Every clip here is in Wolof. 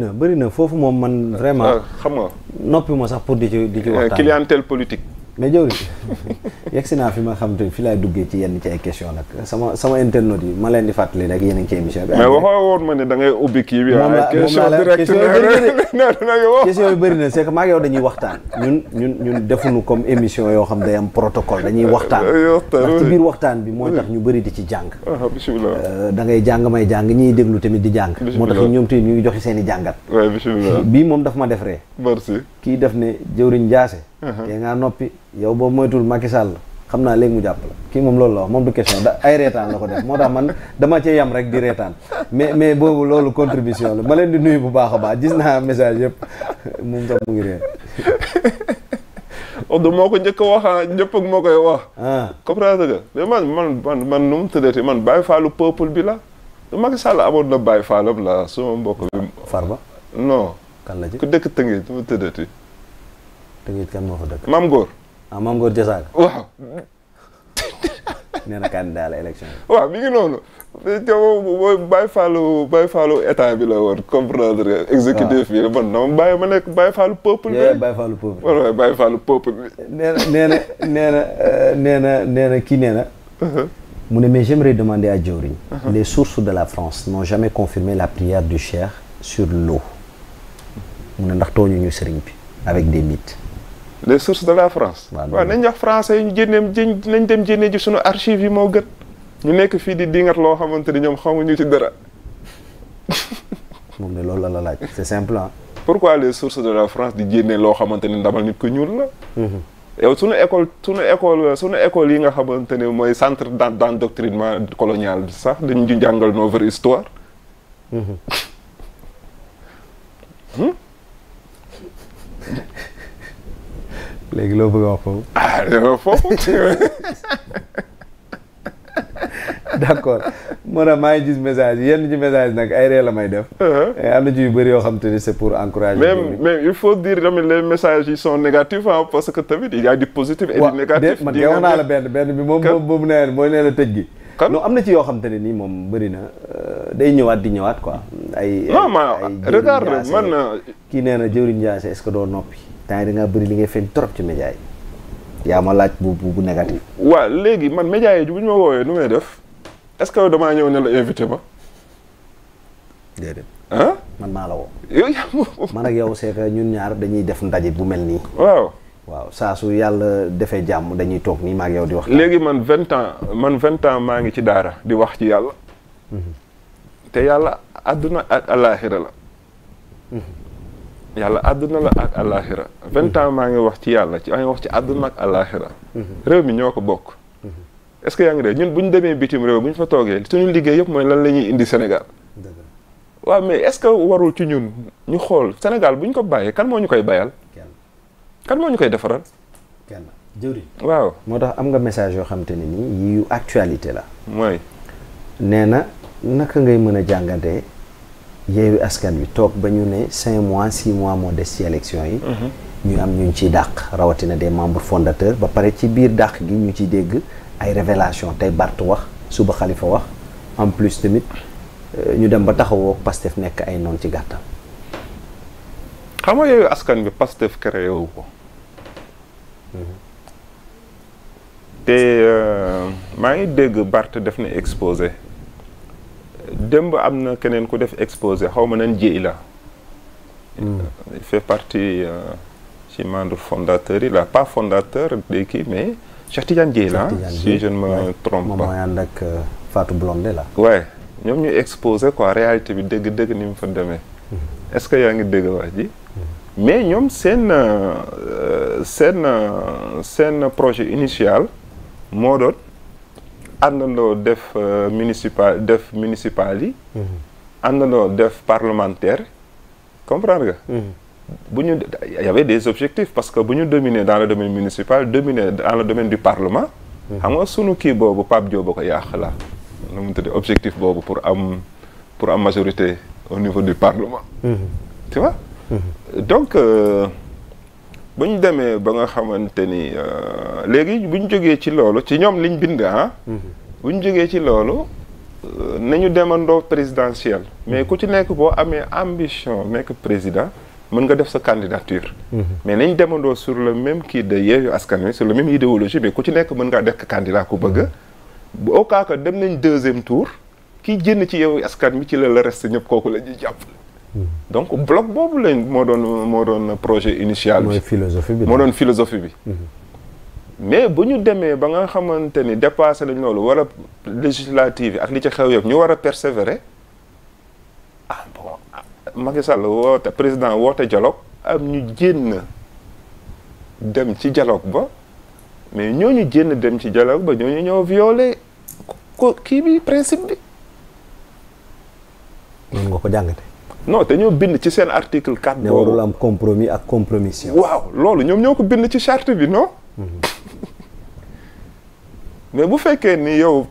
na bëri na foofu moom man. vraiment ah, xam nga noppi moo sax pour di ci di ci waxtaan. Eh, clientèle politique. mais jëwriñ yegg si naa fi ma xam te fi laay duggee ci yenn ci ay question nag sama sama internautes yi ma leen di fàttali rek yéen a ngi ci émission bi. mais waxoo woon ma ne da ngay ubbi kii bi. moom la question direct question yu bëri na c'est que yow dañuy waxtaan. ñun ñun ñun defuñu comme émission yoo xam day am protocole dañuy waxtaan. ndax ci biir waxtaan bi moo ñu bëri di ci jàng. Ah, bisimilah euh, da ngay jàng may jàng ñiy déglu tamit di jàng. moo tax ñoom tamit ñu ngi joxe seen jàngat. waaw bisimilah moom daf ma def ree. kii def ne jëwriñ Ndiasse te uh-huh. ngaa noppi yow boo moytul Macky Sall xam naa léegi mu jàpp la kii moom loolu la wax moom du question da ay reetaan la ko def moo tax man dama cee yam rek di reetaan mais mais loolu contribution la ma leen di nuyu bu baax a gis naa message yëpp moom mu ngi réer Oddo moo ko njëkk a wax ah ñëpp moo koy wax. Ah. comprendre nga mais man man man man nu mu tëddati man bàyyi faalu peuple bi la. Macky Sall amoon na bàyyi faalam la suma mbokk bi. Farba. non. kan la ci ku dëkk Tëngéej nu mu tëddati. Tëngéej kan moo fa dëkk. Maam Góor. ah Maam Góor Diassaga. la élection bi. waaw bi la woon comprendre nga. exécutif bi man dama bàyyi ma nekk Baye Fallou peuple. yooyu Baye Fallou peuple. wala waaye Baye Fallou peuple bi. nee na nee na nee euh, na nee na kii nee na. Uh-huh. mu ne mais j'aimerais demander à Diorin. Uh-huh. les sources de la France n'ont jamais confirmé la prière du Cheikh sur l'eau mu ne ndax tooñu ñu sëriñ bi avec des mythes. les sources de la France. waaw nañ wax français yi ñu génneem jën nañ dem jënne ji suñu archives yi moo gën. ñu nekk fii di dingat loo xamante ni ñoom ñu ci dara. moom loolu la la laaj c'est simple ah. pourquoi les sources de la France di génne loo xamante ni ndamal nit ku ñuul la. Mhm. yow sunu école sunu école sunu école yi nga xamante ni mooy centre d'endoctrinement colonial bi sax dañu ñu jàngal nos vraie histoire. Mhm. Hmm? léegi loo bëgg wax foofu. ah loo a d' accord moo gis message yenn ci message nag ay ree la may def. Uh-huh. Eh, am na ci yu bëri yoo xam te ni c' pour encourager. mais mais faut dire tamit les messages yi sont négatifs ah que tamit il y a du positif et du négatif. man de wax naa la benn benn bi moom moom boobu nee tëj gi. kan am na ci yoo xam te ne nii moom bëri na euh, day ñëwaat di ñëwaat quoi. ay man ay euh, man kii nee na jëwriñ Ndiassé est ce que doo noppi. temps yi da ngaa bëri li ngay feeñ trop ci média yaa ma laaj bu bu négatif. waa léegi man média yi bu ñu ma woowee nu may def est-ce que damaa ñëw ne la invité ma. man maa la woo. yow yaa man ñun ñaar dañuy def ndaje bu mel nii. waaw. waaw saa su yàlla defee jàmm dañuy toog nii maa ngi yow di wax. léegi man vingt ans man vingt ans maa ngi ci daara di wax ci yàlla. Mhm. te yàlla àdduna ak alaaxira la. Mhm. yàlla àdduna la ak àllaaxira vingt ans maa ngi wax ci yàlla ci maa wax ci àdduna ak àllaaxira réew mi ñoo ko bokk est-ce que yaa ngi dégg ñun bu ñu demee bitim réew bu ñu fa toogee suñu liggéey yëpp mooy lan la ñuy indi Sénégal waaw mais est-ce que warul ci ñun ñu xool Sénégal bu ñu ko bàyyee kan moo ñu koy bayal kan moo ñu koy defaral kenn jëwriñ waaw moo tax am nga message yoo xam te ne nii yu actualité la mooy nee na naka ngay mën a jàngante yeewi askan wi toog ba ñu ne cinq mois six mois moo des ci élection yi mhm. ñu am ñu ciy dàq rawatina des membre fondateurs ba pare ci biir dàq gi ñu ci dégg ay révélation tey Barth wax suba xalifa wax en plus tamit euh, ñu dem ba taxawoo Pastef nekk ay noonu ci gàttal xam nga askan bi Pastef créé wu ko mhm. te euh, maa ngi dégg Barth def na exposé démb am na keneen ku def exposé xaw ma nan jéey la hmm. il fait partie euh, ci membre fondateur yi la pas fondateur de kii mais Cheikh Tidiane Dieye la si je ne me trompe ak euh, Fatou Blondé la waaye ñoom ñu exposé quoi réalité bi dëgg-dëgg ni mu fa demee hmm. est-ce que yaa ngi dégg wax ji hmm. mais ñoom seen euh, seen seen projet initial moo doon àndandoo def euh, municipal def municipal yi. Mm-hmm. àndandoo def parlementaire comprendre nga. Mm-hmm. bu ñu de avait des objectifs parce que bu ñu dominer dans le domaine municipal dominer dans le domaine du parlement. Mm-hmm. xam nga sunu kii boobu Pape Diop ba ko yàq la. nu mu tudd objectif boobu pour am pour am majorité au niveau du parlement. tu vois. donc. Euh, ba ñu demee ba nga xamante ni euh, léegi bu ñu jógee ci loolu ci ñoom liñ bind ah. Mhm. bu ñu jógee ci loolu euh, nañu demandoo présidentiel mais ku ci nekk boo amee ambition nekk président mën nga def sa candidature. Mhm. mais nañ demandoo sur le même kii de Yewwi Askan Wi sur le même idéologie mais ku ci nekk mën ngaa dekk candidat ku bëgg. Mhm. bu au que dem nañ deuxième tour ki génn ci Yewwi Askan Wi ci la la rest ñëpp kooku la ñuy jàpp. Hmm. donc bloc boobu lañ moo doon moo doon projet initial bi. bi moo doon philosophie bi. Hmm. mais bu ñu demee ba nga xamante ni dépassé nañ loolu war a législative yi ak li ci xew yëpp ñu war a persévérer ah bon ah, Macky Sall woote président woote dialogue am ñu jénn dem ci dialogue ba mais ñoo ñu jénn dem ci dialogue ba ñu ñëw violé ko kii bi principe bi. noonu nga ko jàngate non dañoo bind ci seen article 4. boobu ne warul am compromis ak compromission. waaw loolu ñoom ñoo ko bind ci shart bi non. Mhm. mais bu fekkee ni yow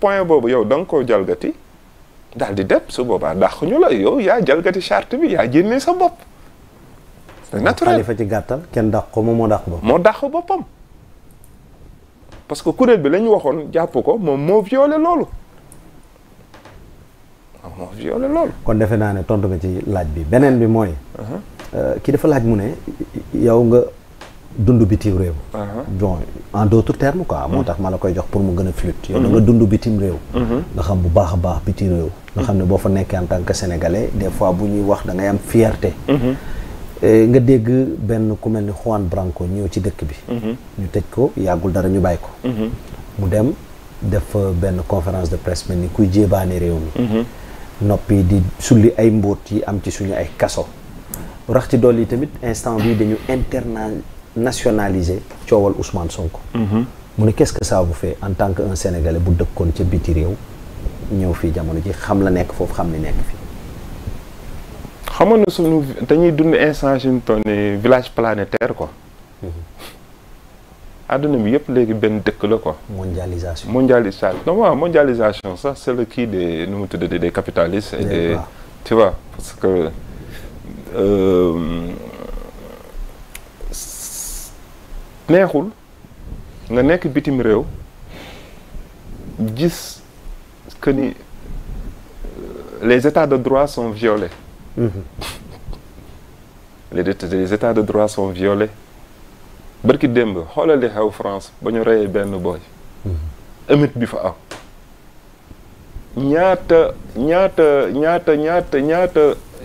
point boobu yow da nga koo jalgati daal di dem su boobaa dàq ñu la yow yaa jalgati charte bi yaa génnee sa bopp. c'est naturel xalifa ci gàttal kenn dàq ko moom moo dàq boppam. moo dàq boppam parce que kuréel bi la waxoon jàpp ko moom moo violé loolu. moo violé loolu. kon defe naa ne tontu nga ci laaj bi beneen bi mooy. Uh-huh. Euh, kii dafa laaj mu ne yow nga dund bitim réew. Uh-huh. bon en d'autres termes quoi. moo tax ma la koy jox pour mu gën a flûte. yow da nga uh-huh. dund bitim réew. nga xam bu baax a baax bitim réew. nga xam ne boo fa nekkee en tant que sénégalais des fois bu ñuy wax da ngay am fierté. Euh, nga dégg benn ku mel ni Juan Branco ñëw ci dëkk bi. ñu tëj ko yàggul dara ñu bàyyi ko. mu dem def benn conférence de presse mel ni kuy jébaane réew mi. noppi di sulli ay mboot yi am ci suñu ay kaso rax ci dool yi tamit instant bii dañu internationaliser coowal Ousmane Sonko. Mhm. mu ne qu'est-ce que ça vous fait en tant que un sénégalais bu dëkkoon ca biti réew ñëw fii jamono ji xam la nekk foofu xam ni nekk fii. xam nga suñu dañuy dund instant suñu toll village planétaire quoi. Mhm. àdduna bi yëpp léegi benn dëkk la quoi. mondialisation mondialisation non waaw mondialisation ça c'est de nu mu tuddati de capitalistes. et tu vois parce que euh, neexul nga nekk bitim réew gis que ni euh, les états de droit sont violés. Mm-hmm. les états de droit sont violés. barki démb xoolal li xew France ba ñu reyee benn booy émeute mm-hmm. bi fa am ñaata ñaata ñaata ñaata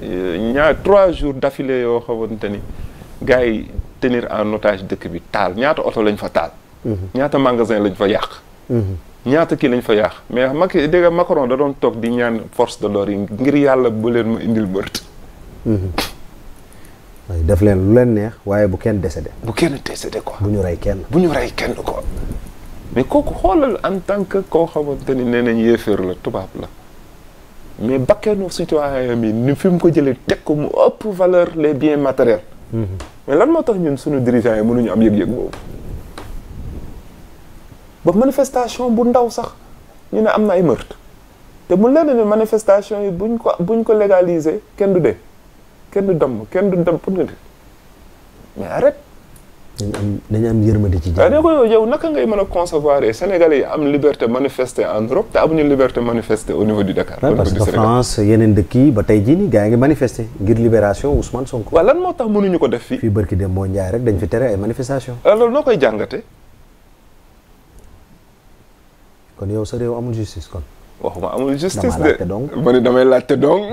ñaata trois jours d'affilée yoo xamante ni gars yi tenir en otage dëkk bi taal ñaata oto lañ fa taal mm-hmm. ñaata magasin lañ fa yàq mm-hmm. ñaata kii lañ fa yàq mais Macky dégg Macron da doon toog di ñaan force de l'ordre ngir yàlla bu leen ma indil mbërt waaye def leen lu leen neex waaye bu kenn décédé. bu kenn décédé quoi. bu ñu rey kenn. bu ñu rey kenn mais kooku xoolal en tant que koo xamante ni nee nañ yéeféer la tubaab la mais bakkanu citoyen yi ni fi mu ko jëlee teg ko mu ëpp valeur les biens matériels. Mhm. mais lan moo tax ñun suñu dirigeants yi mënuñu am yëg-yëg boobu. ba manifestation bu ndaw sax ñu ne am na ay meurtre te mu leen ne manifestation yi buñ ko buñ ko légaliser kenn du dee. kenn du damm kenn du damm pour nga di mais arrête. dañu am dañu am ci jàmm. ko yow naka ngay mën a concevoir Sénégalais yi am liberté manifester en Europe te amuñu liberté manifester au niveau du Dakar. au niveau du Sénégal parce yeneen dëkk yi tey jii nii ngi manifester ngir libération Ousmane Sonko. waaw lan moo tax mënuñu ko def fii. fii barki dem moo Ndiaye rek dañ fi tere ay manifestation alors euh, noo koy jàngate kon yow sa réew amul justice kon. damay laajte donc.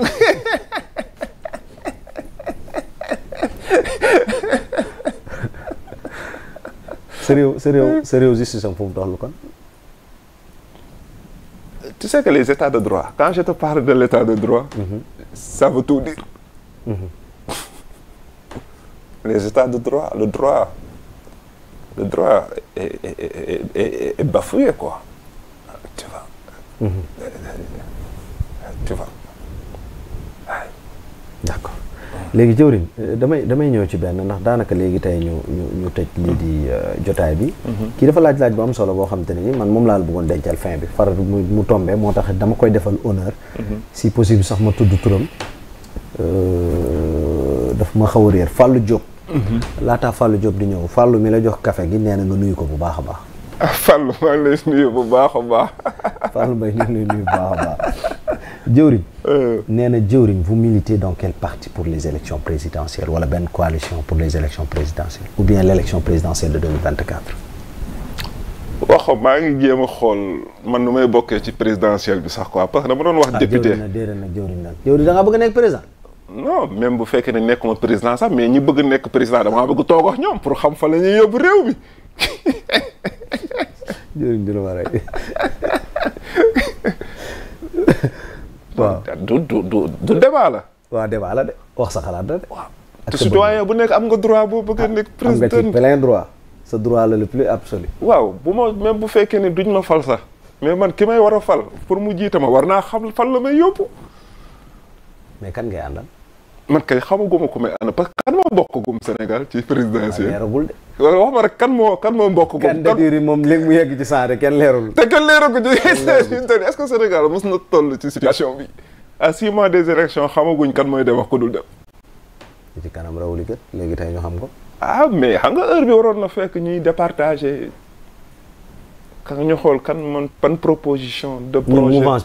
sa réew sa réew sa tu sais que les états de droit quand je te parle de l'état de droit. Mm -hmm. tout dire. Mhm. les états de droit le droit le droit est est quoi tu vois. Mhm. Euh, euh, léegi jëwriñ damay damay ñëw ci benn ndax daanaka léegi tey ñu ñu ñu tëj lii di mm-hmm. euh, jotaay bi mm-hmm. kii dafa laaj-laaj bu am solo boo xam te ne man moom laa la bëggoon dencal fin bi far mu tombé moo tax dama koy defal honneur mm-hmm. si possible sax ma tudd turam euh, daf ma xaw a réer Fallou Diop laataa Fallou Diop di ñëw Fallou mi la jox kafe gi nee na nga nuyu ko bu baax a baax Fallou maa ngi baax a baax Fallou Mbaye nuyu bu baax a baax jëwriñ euh. nee na jëwriñ vous militez dans quel parti pour les élections présidentielles wala benn coalition pour les élections présidentielles ou bien l'élection présidentielle de wax waxo maa ngi jéem a xool man nu may bokkee ci présidentielle bi sax quoi parce que dama doon wax ah, député ah déedéet nag a nag jëwriñ da ngaa bëgg a nekk président non même bu fekkee ne nekkuma président sax mais ñi bëgg nekk président damaa bëgg toog ak ñoom pour xam fa la ñuy yóbbu réew mi jëwriñ di waaw du du du du débat la. waaw débat la de wax sa xalaat la de. bu nekk am nga droit boo bëgg a ah, nekk. président am nga ci plein droit. sa droit la le plus absolu. waaw bu ma même bu fekkee ni duñ ma fal sax mais man ki may war a fal pour mu jiite ma war naa xam fal la may yóbbu. mais kan ngay àndal. man kay xamaguma ko may ana parce kan moo bokk gum Sénégal ci présidentiel. leeragul de. wax ma rek kan moo kan moo bokk. gum kan candidat moom léegi mu yegg ci saare kenn leerul. te kenn leerul ko ci est-ce que Sénégal kan mooy dem wax ko dul dem. ci kanam rawuli léegi tey ñu xam ko. ah mais xam nga heure bi waroon na fekk ñuy départager. ka ñu xool kan man pan proposition. de projet mouvance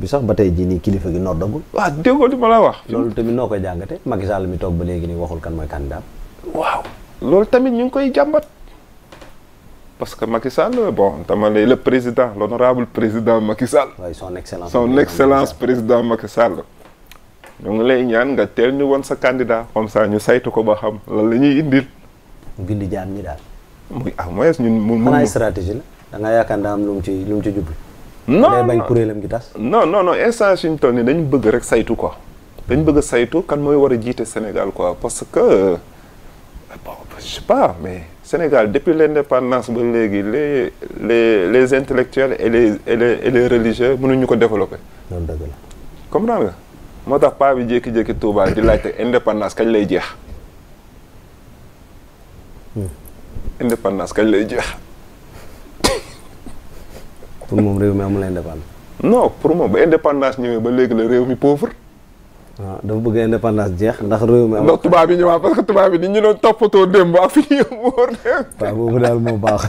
bi sax ba tey jii nii kilifa gi noddagul. waaw déggoo li ma la wax. loolu tamit noo koy jàngate Macky Sall mi toog ba léegi nii waxul kan mooy candidat. waaw loolu tamit ñu ngi koy jàmbat. parce que Macky Sall bon dama lay le président l'honorable président Macky Sall. waaye son excellence son excellence président Macky Sall. ñu ngi lay ñaan nga teel ñu woon sa candidat comme ça ñu saytu ko ba xam lan la ñuy indil. mu jaar ñi daal. mu ah mooy ñun mun mun stratégie la. da nga yaakaar daa am lu mu ci lu ci jublu. non day bañ kuréelam gi tas. non non non instant suñu ni nii dañu bëgg rek saytu ko dañu bëgg saytu kan mooy war a jiite Sénégal quoi parce que euh, bon mais Sénégal depuis l'indépendance ba léegi les les les intellectuels et les et les et les religieux mënuñu ko développer. noonu dëgg la. comprendre nga moo tax paa bi jékki-jékki Touba di laajte indépendance kañ lay jeex. Hmm. indépendance kañ lay jeex. pour moom réew mi amul indépendance. non pour moom ba indépendance mi pauvre. waaw ah, dafa bëgg jeex ndax réew mi. ndax tubaab yi ñëwaat parce que tubaab yi nit ñi doon toppatoo démb ak fi ñuy wóor démb. waaw boobu daal moo baax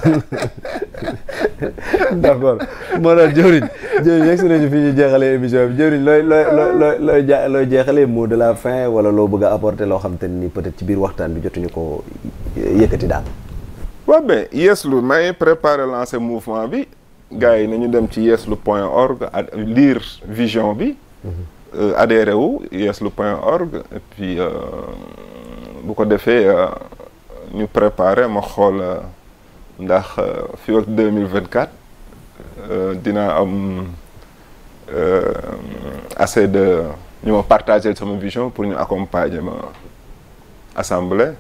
d' accord moo tax jëwriñ jëwriñ yegg fi ñuy jeexalee émission bi jëwriñ looy looy looy looy ja looy jeexalee mot de la fin wala loo bëgg a loo xam te ni peut être ci biir waxtaan bi jot ñu ko yëkkati daal. waaw ben yeeslu may préparer lancer mouvement bi. gars yi nañu dem ci yeeslu point org lire vision bi mhm. euh, adhéré wu yeeslu point org et euh, bu ko defee euh, ñu préparer ma xool ndax fii ak deux mille vingt quatre dinaa am assez de ñu ma partager sama vision pour ñu accompagner ma assemblée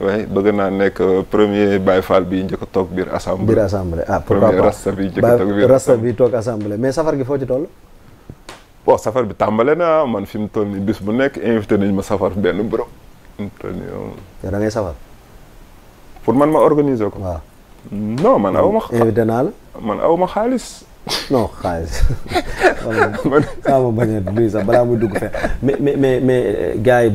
waaye mm. bëgg naa nekk euh, premier Baye Fall bi njëkk a toog biir assemblée. biir assemblée ah pourquoi pas rasta bi njëkk a toog biir bi toog assemblée mais safar gi foo ci toll. bon safar bi tàmbale man fi mu toll ni bis bu nekk invité nañ ma safar benn bërëb. Euh, yow da man ma organiser ko. waaw man aw ma. invité naa la man aw ma xaalis. non xaalis man. saa ma bañ a sax balaa muy dugg fee mais mais mais euh,